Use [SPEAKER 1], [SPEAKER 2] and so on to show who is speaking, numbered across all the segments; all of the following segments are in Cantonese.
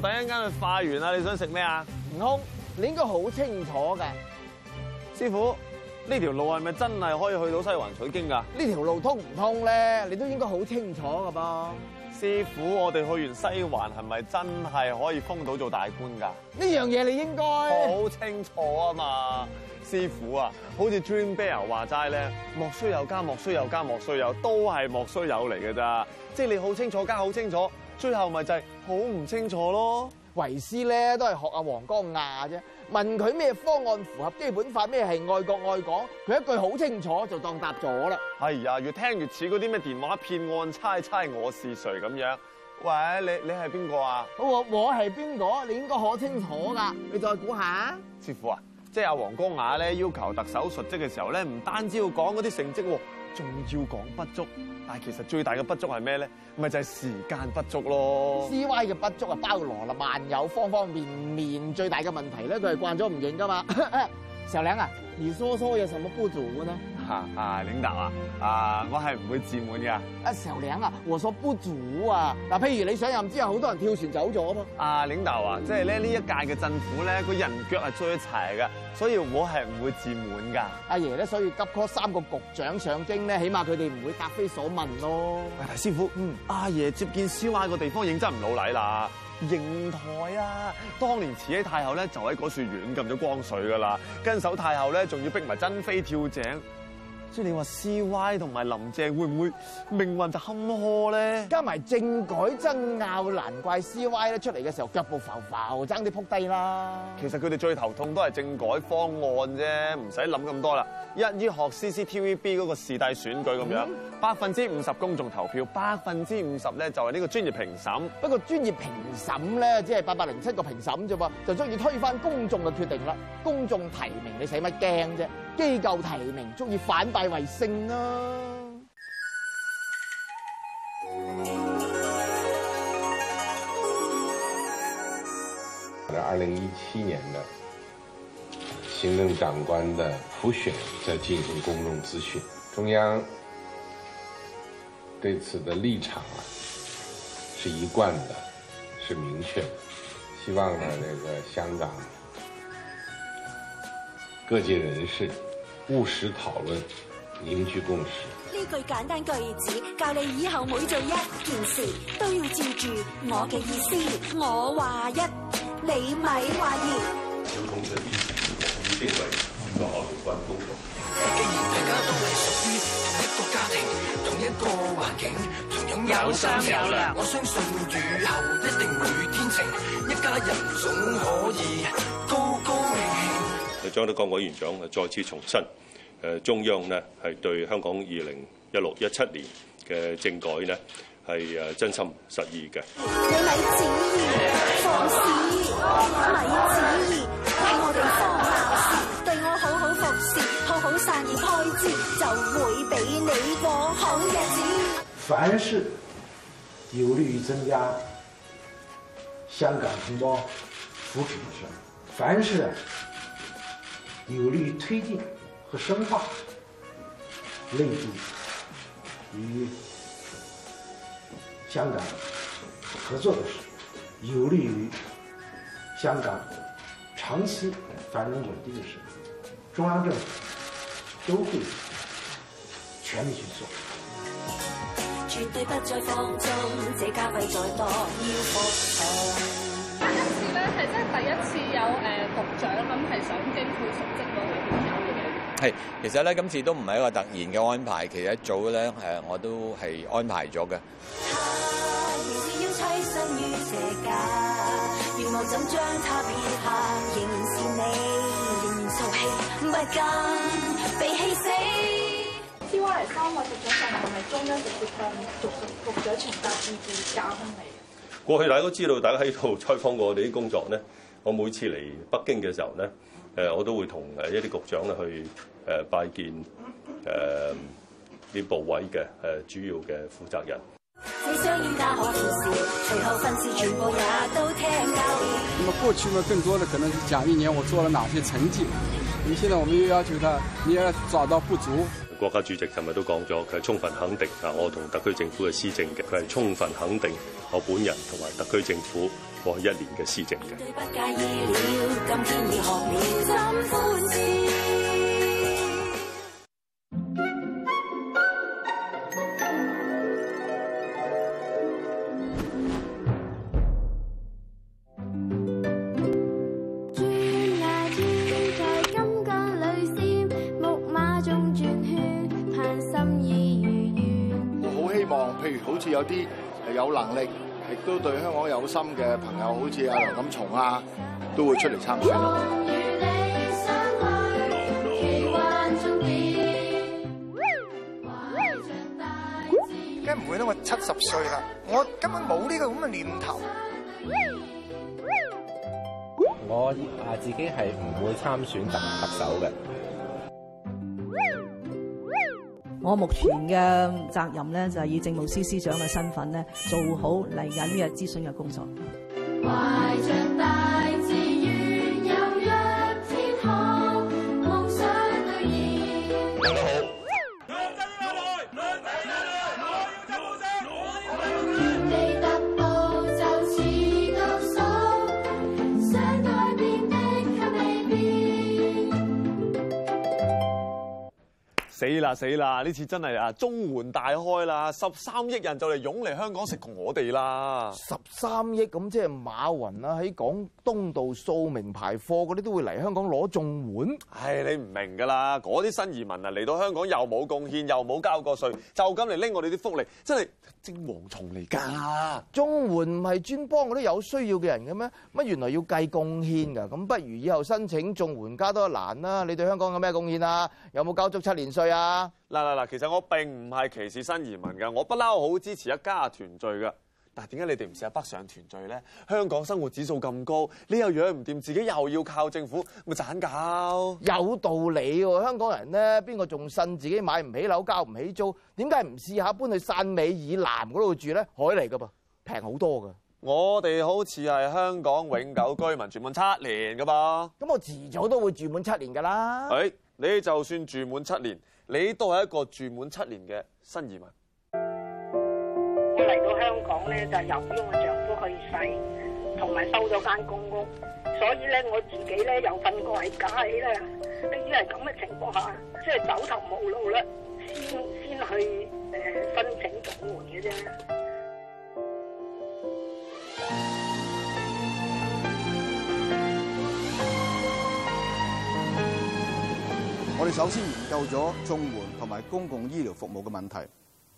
[SPEAKER 1] 第一間去化緣啊，你想食咩啊？悟空，你應該好
[SPEAKER 2] 清楚嘅。
[SPEAKER 1] 師傅，呢條路係咪真係可以去到西環取經噶？
[SPEAKER 2] 呢條路通唔通咧？你都應該好清楚噶噃。
[SPEAKER 1] 師傅，我哋去完西環係咪真係可以封到做大官噶？呢樣嘢，你應該好清楚啊嘛。師傅啊，好似 Dream Bear 話齋咧，莫須有加莫須有加莫須有，都係莫須有嚟㗎咋。即係你好清楚加好清楚。最後咪就係好唔清楚咯。為師咧都係學阿黃光亞啫，問佢
[SPEAKER 2] 咩方案符合基本法，咩係愛國愛港，佢一句好清楚就當答咗啦。
[SPEAKER 1] 哎呀，越聽越似嗰啲咩電話騙案，猜猜我是誰咁樣。喂，你你係邊個啊？我我係邊個？你應該好清楚㗎，你再估下。師傅啊，即係阿黃光亞咧要求特首述職嘅時候咧，唔單止要講嗰啲成績喎，仲要講不足。但其實最大嘅不足係咩咧？咪就係、是、時間不足咯。C Y
[SPEAKER 2] 嘅不足啊，包羅啦萬有，方方面面。最大嘅問題咧，佢係慣咗唔認噶嘛。小梁啊，你說說有什麼不足呢？
[SPEAKER 1] 啊！啊，領導啊！啊，我係唔會自滿噶。啊，受領啊，何所不足啊？嗱，譬如你上任之後，好多人跳船走咗噃。啊，領導啊，即係咧呢一屆嘅政府咧，個人腳係最齊噶，所以我係唔會自滿噶。阿爺咧，所以急 call 三個局長上京
[SPEAKER 2] 咧，起碼佢哋唔會答非所問咯。
[SPEAKER 1] 喂、哎，師傅，嗯，阿爺接見先，喺個地方認真唔老禮啦。瀛台啊，當年慈禧太后咧就喺嗰處軟禁咗光緒噶啦，跟手太后咧仲要逼埋珍妃跳井。即係你話 C Y 同埋林鄭會唔會命運坎坷咧？加埋政改爭拗，難怪 C Y 咧出嚟嘅時候腳步浮浮，爭啲扑低啦。其實佢哋最頭痛都係政改方案啫，唔使諗咁多啦。一於學 C C T V B 嗰個視帝選舉咁樣，百分之五十公眾投票，百分之五十咧就係、是、呢個專業評審。不過專業評審咧，只係八百零七個評審啫噃，就足以推翻公眾嘅決定啦。
[SPEAKER 2] 公眾提名，你使乜驚啫？機構提名足以反敗為勝啦。
[SPEAKER 3] 二零一七年的行政長官的普選在進行公眾諮詢，中央對此的立場啊，是一貫的，是明確的。希望呢，這個香港各界人士。務實討論，凝聚共識。
[SPEAKER 2] 呢句簡單句子，教你以後每做一件事，都要照住
[SPEAKER 4] 我嘅意思。我話一，你咪話二。一一既然大家
[SPEAKER 3] 都係屬於同一個家庭，同一個環境，同
[SPEAKER 2] 有生有糧。了我相信雨後一定會天晴，一家人總可以。
[SPEAKER 1] 張德江委員長再次重申，誒中央呢係對香港二零一六一七年嘅政改呢係誒真心實意嘅。你咪旨意放
[SPEAKER 2] 肆，咪旨意係我哋放鬧時，對我好好服侍，好好散熱開支，就會俾
[SPEAKER 4] 你過好日子。
[SPEAKER 1] 凡事有利於增加香港同胞福祉嘅事，凡事。
[SPEAKER 4] 有利於推進和深化內地與香港合
[SPEAKER 2] 作的事，有利於香港長期繁榮穩定的事，中央政府都會全力去做。第一次呢，係真係第一
[SPEAKER 4] 次有誒。呃
[SPEAKER 3] 咁品係想政府述職到去邊度嘅？係，其實咧今次都唔係一個突然嘅安排，其
[SPEAKER 2] 實一早咧誒我都係安排咗嘅。他要受氣唔係㗎被氣死。嚟。食咗飯中央
[SPEAKER 1] 過去大家都知道，大家喺度採訪過我哋啲工作咧。我每次嚟北京嘅時候咧，誒我都會同誒一啲局長咧去誒拜見誒啲、呃、部委嘅誒主要嘅負責人。
[SPEAKER 4] 你全部
[SPEAKER 3] 都咁過去呢，更多嘅可能是講一年我做了哪些成績，咁現在我們又要求他你要找到不足。
[SPEAKER 1] 國家主席琴日都講咗，佢係充分肯定我同特區政府嘅施政嘅，佢係充分肯定我本人同埋特區政府過去一年嘅施政嘅。
[SPEAKER 2] 都對香港有心嘅朋友，好似阿林錦松啊，都會出嚟參選。梗唔會啦，我七十歲啦，我根本冇呢個咁嘅念
[SPEAKER 4] 頭。
[SPEAKER 3] 我啊自己係唔會參選特特首嘅。我目前嘅責任咧，就係以政務司司長嘅身份咧，做好嚟緊嘅諮詢
[SPEAKER 2] 嘅工作。懷着大自天空夢想對現
[SPEAKER 1] 啦死啦！呢次真係啊，綜援大開啦，十三億人就嚟湧嚟香港食窮我哋啦！十
[SPEAKER 2] 三億咁即係馬雲啦，喺廣東道掃名牌貨嗰啲都會嚟香港攞綜援。
[SPEAKER 1] 唉，你唔明㗎啦，嗰啲新移民啊嚟到香港又冇貢獻，又冇交過稅，就咁嚟拎我哋啲福利，真係精蝗蟲嚟㗎！
[SPEAKER 2] 綜援唔係專幫嗰啲有需要嘅人嘅咩？乜原來要計貢獻㗎？咁不如以後申請綜援加多一欄啦！你對香港有咩貢獻啊？有冇交足七年稅啊？
[SPEAKER 1] 嗱嗱嗱！其實我並唔係歧視新移民㗎，我不嬲好支持一家團聚㗎。但係點解你哋唔試下北上團聚咧？香港生活指數咁高，你又養唔掂自己，又要靠政府，咪盞搞有道理喎、啊。香港人咧，邊個仲信自己買唔起樓、交唔起租？
[SPEAKER 2] 點解唔試下搬去汕尾以南嗰度住咧？海嚟㗎噃，平好多㗎。
[SPEAKER 1] 我哋好似係香港永久居民，住滿七年㗎噃。咁
[SPEAKER 2] 我遲早都會住滿七年㗎啦。誒、哎，
[SPEAKER 1] 你就算住滿七年。你都係一個住滿七年嘅新移民。
[SPEAKER 3] 我嚟到香港咧，就係由於我丈夫去世，同埋收咗間公屋，所以咧我自己咧又瞓過喺
[SPEAKER 4] 街啦。於係咁嘅情況下，即係走投無路啦，先先去，呃，申請綜援嘅啫。
[SPEAKER 2] 我哋首先研究咗綜援同埋公共醫療服務嘅問題。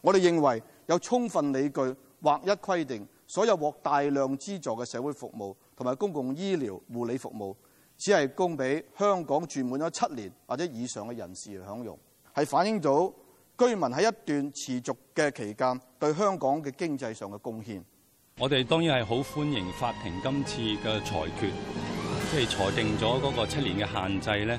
[SPEAKER 2] 我哋認為有充分理據或一規定，所有獲大量資助嘅社會服務同埋公共醫療護理服務只係供俾香港住滿咗七年或者以上嘅人士享用，係反映到居民喺一段持續嘅期間對香港嘅經濟上嘅貢獻。
[SPEAKER 3] 我哋當然係好歡迎法庭今次嘅裁決，即係裁定咗嗰個七年嘅限制咧。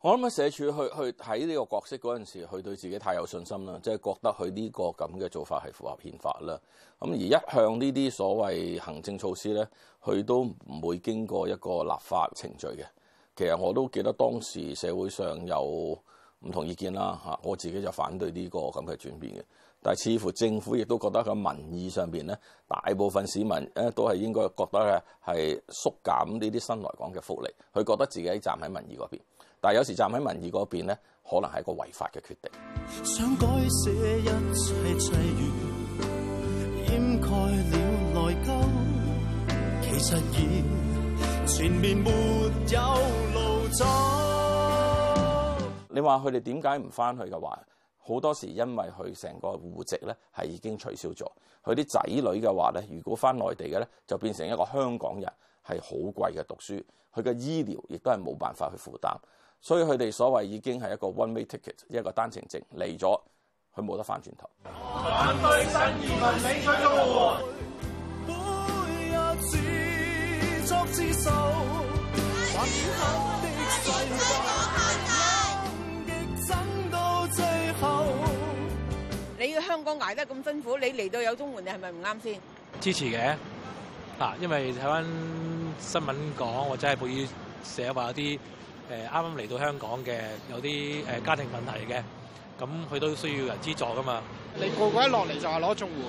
[SPEAKER 3] 我諗喺社署去去喺呢個角色嗰陣時，佢對自己太有信心啦，即係覺得佢呢個咁嘅做法係符合憲法啦。咁而一向呢啲所謂行政措施呢，佢都唔會經過一個立法程序嘅。其實我都記得當時社會上有唔同意見啦，吓我自己就反對呢個咁嘅轉變嘅。但似乎政府亦都覺得喺民意上面，呢大部分市民都係應該覺得，係縮減呢啲新來港嘅福利。佢覺得自己站喺民意 𠮶 邊，但有時站喺民意 𠮶 邊呢可能，係一個違法嘅決定。
[SPEAKER 1] 想改寫一切際遇，掩蓋了內疚，其實而
[SPEAKER 3] 前面沒有路走。你話佢哋點解唔翻去嘅話？好多時因為佢成個戶籍咧係已經取消咗，佢啲仔女嘅話咧，如果翻內地嘅咧，就變成一個香港人係好貴嘅讀書，佢嘅醫療亦都係冇辦法去負擔，所以佢哋所謂已經係一個 one way ticket，一個單程證嚟咗，佢冇得翻轉頭。我捱得咁辛苦，你嚟到有綜援，你係咪唔啱先？支持嘅，啊，因為睇翻新聞講，或者係報紙寫話，有啲誒啱啱嚟到香港嘅有啲誒家庭問題嘅，咁佢都需要人資助㗎嘛。你個個一落嚟就話攞綜援，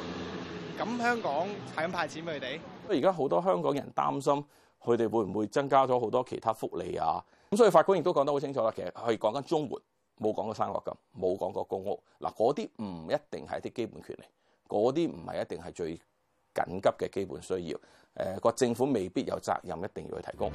[SPEAKER 3] 咁香港係咁派錢俾佢哋？而家好多香港人擔心佢哋會唔會增加咗好多其他福利啊？咁所以法官亦都講得好清楚啦，其實係講緊綜援。冇講過生果金，冇講過公屋。嗱，嗰啲唔一定係啲基本權利，嗰啲唔係一定係最緊急嘅基本需要。誒，個政府未必有責任一定
[SPEAKER 1] 要去提供。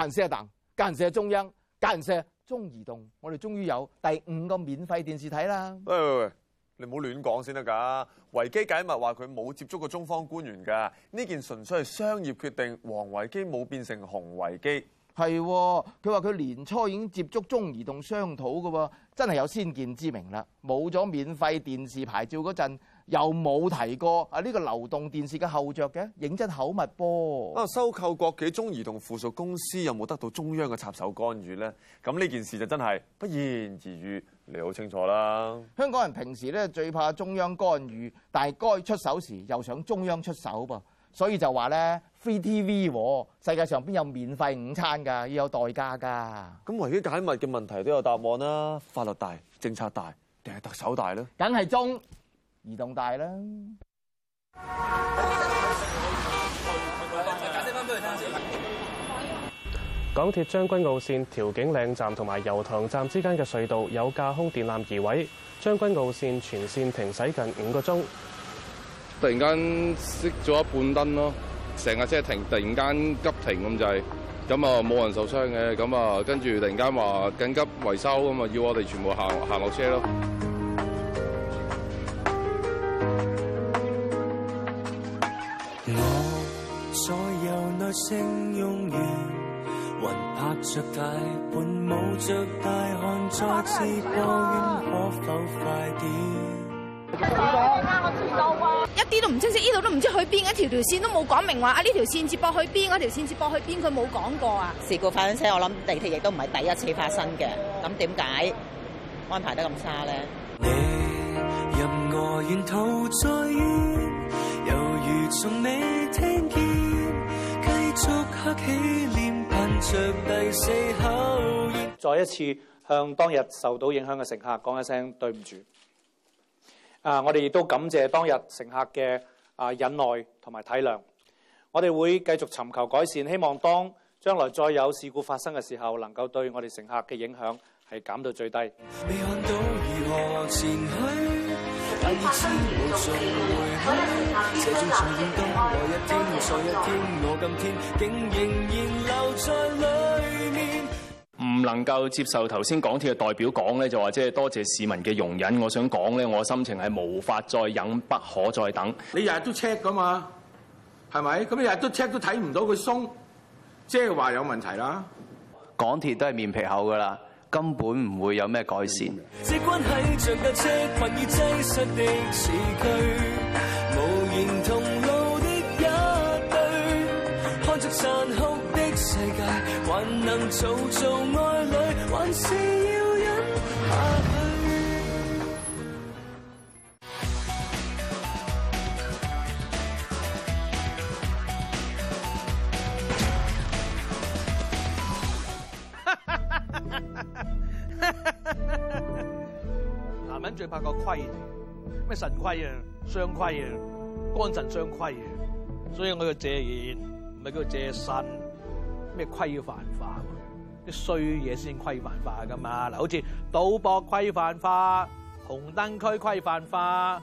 [SPEAKER 2] 隔唔少啊，黨！隔唔少啊，中央！隔唔少啊，中移動！我哋終於有第五個免費電視睇
[SPEAKER 1] 啦！喂喂喂，你唔好亂講先得噶！維基解密話佢冇接觸過中方官員噶，呢件純粹係商業決定。王維基冇變成紅維基，係
[SPEAKER 2] 喎，佢話佢年初已經接觸中移動商討噶喎，真係有先見之明啦！冇咗免費電視牌照嗰陣。又冇提過啊！呢、呢個流動電視嘅後着嘅，認真口密噃。
[SPEAKER 1] 不、啊、收購國企中移動附屬公司有冇得到中央嘅插手干預呢？咁呢件事就真係不言而喻，你好清楚啦。
[SPEAKER 2] 香港人平時咧最怕中央干預，但係該出手時又想中央出手噃，所以就話咧 Free TV、啊、世界上邊有免費午餐㗎？要有
[SPEAKER 1] 代價㗎。咁維基解密嘅問題都有答案啦。法律大、政策大，定係特首大咧？梗係中。移動大啦！港鐵將軍澳線調景嶺站同埋油塘站之間嘅隧道有架空電纜移位，將軍澳線全線停駛近五個鐘。
[SPEAKER 3] 突然間熄咗一半燈咯，成架車停，突然間急停咁滯，咁啊冇人受傷嘅，咁啊跟住突然間話緊急維修啊嘛，要我哋全部行行落車咯。
[SPEAKER 2] 拍大，舞大再快，啊我啊、一啲都唔清晰，呢度都唔知去邊，一條條線都冇講明話啊！呢條線接駁去邊，嗰條線接駁去邊，佢冇講過啊！事故發生車，我諗地鐵亦都唔係第一次發生嘅，咁點解安排得咁差咧？
[SPEAKER 4] 念第四
[SPEAKER 2] 口，再一次向當日受到影響嘅乘客講一聲對唔住。啊，我哋亦都感謝當日乘客嘅，啊，忍耐同埋體諒。我哋會繼續尋求改善，希望當將來再有事故發生嘅時候，能夠對我哋乘客嘅影響係減到最低。
[SPEAKER 4] 第二次
[SPEAKER 2] 回我我我一一天、一天、一天，我今天竟仍然仍留在裡
[SPEAKER 3] 面，唔能夠接受頭先港鐵嘅代表講咧，就話即係多謝市民嘅容忍。我想講咧，我心情係無法再忍，不可再等。你日日都 check 噶嘛，係咪？咁日日都 check 都睇唔到佢鬆，即係話有問題啦。
[SPEAKER 2] 港鐵都係面皮厚噶啦。根本唔會有咩改善。
[SPEAKER 4] 只關係住架車，困於擠塞的市區，無言同路的一對，看着殘酷的世界，還能做做愛侶，還是住拍個規，咩神規啊，雙規啊，肝腎雙規啊，所以我叫借言，唔係叫借神。咩規範化？啲衰嘢先規範化噶嘛？嗱，好似賭博規範化，紅燈區規範化，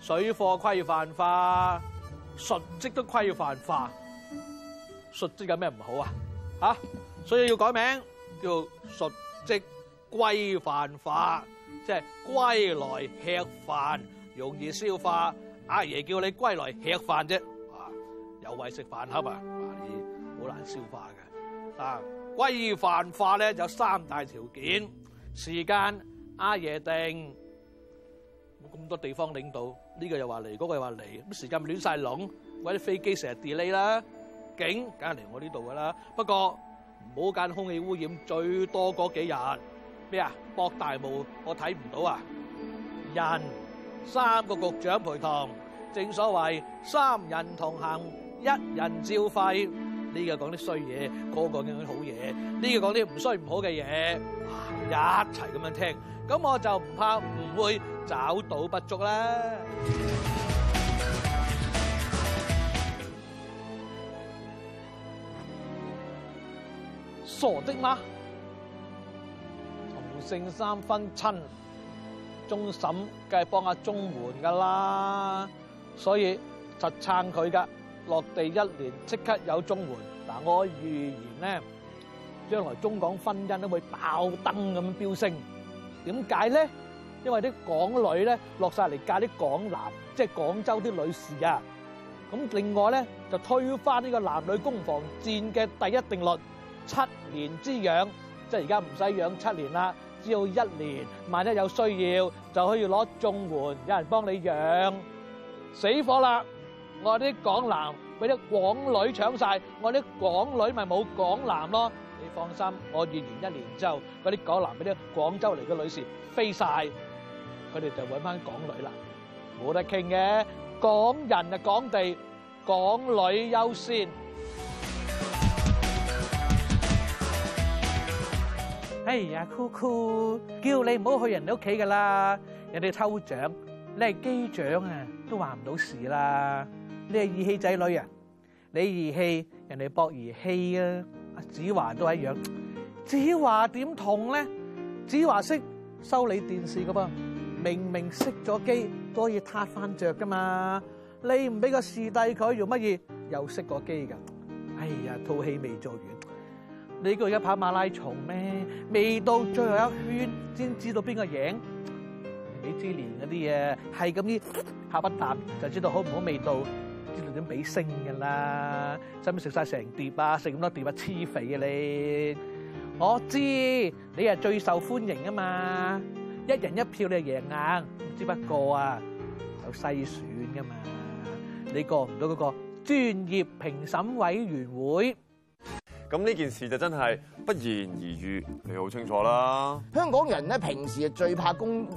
[SPEAKER 4] 水貨規範化，述職都規範化。述職有咩唔好啊？吓，所以要改名叫述職規範化。即係歸來吃飯容易消化，阿爺叫你歸來吃飯啫，啊有位食飯盒啊，你好難消化嘅啊，歸飯化咧有三大條件：時間阿爺定，咁多地方領導呢、這個又話嚟，嗰、那個又話嚟，咁時間亂晒籠，或者飛機成日 delay 啦，景梗係嚟我呢度噶啦，不過唔好揀空氣污染最多嗰幾日。咩啊？博大霧，我睇唔到啊！人三個局長陪同，正所謂三人同行，一人照肺。呢個講啲衰嘢，嗰個講啲好嘢，呢個講啲唔衰唔好嘅嘢，哇，一齊咁樣聽，咁我就唔怕唔會找到不足啦。傻的嗎？剩三分親，終審梗係幫阿綜援噶啦，所以就撐佢噶。落地一年即刻有綜援。嗱，我預言咧，將來中港婚姻都會爆燈咁樣飆升。點解咧？因為啲港女咧落曬嚟嫁啲港男，即係廣州啲女士啊。咁另外咧就推翻呢個男女攻防戰嘅第一定律，七年之癢，即係而家唔使養七年啦。只要一年，萬一有需要，就可以攞綜援，有人幫你養。死火啦！我啲港男俾啲港女搶曬，我啲港女咪冇港男咯。你放心，我預言一年之後，嗰啲港男俾啲廣州嚟嘅女士飛曬，佢哋就搵返港女啦。冇得傾嘅，港人係港地，港女優先。哎呀，酷酷，叫你唔好去人哋屋企噶啦，人哋抽獎，你係機長啊，都話唔到事啦。你係義氣仔女啊，你義氣，人哋博義氣啊。阿子華都係一樣，子華點痛咧？子華識修理電視噶噃，明明熄咗機都可以撻翻着噶嘛。你唔俾個視帝佢做乜嘢？又熄個機噶。哎呀，套戲未做完。你估而家跑馬拉松咩？未到最後一圈先知道邊個贏？米芝蓮嗰啲嘢係咁啲，呷一啖就知道好唔好味道，知道點畀星噶啦。使唔使食晒成碟啊？食咁多碟啊黐肥啊你！我知道你係最受歡迎啊嘛，一人一票你係贏硬，只不，不過啊有篩選噶嘛，你過唔到嗰個專業評審委員會。咁呢件事就真係不
[SPEAKER 1] 言而喻，你好清楚啦。
[SPEAKER 2] 香港人咧平時最怕公，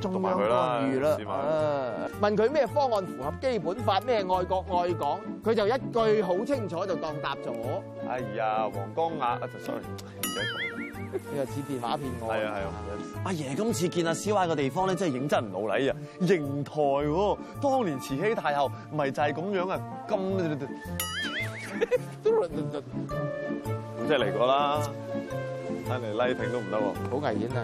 [SPEAKER 2] 仲有國語啦。問佢咩、啊、方案符合基本法，咩愛國愛港，佢就一句好清楚就當答咗。我、
[SPEAKER 1] 哎：王「哎呀，王光亞，sorry，唔、哎、使你又似電話騙案。係、哎、啊係啊，阿爺今次見阿 CY 嘅地方咧，真係認真唔老利啊，瀛台喎。當年慈禧太後咪就係咁樣啊，咁。咁 即係嚟過啦，睇嚟拉停都唔得喎，好危險啊！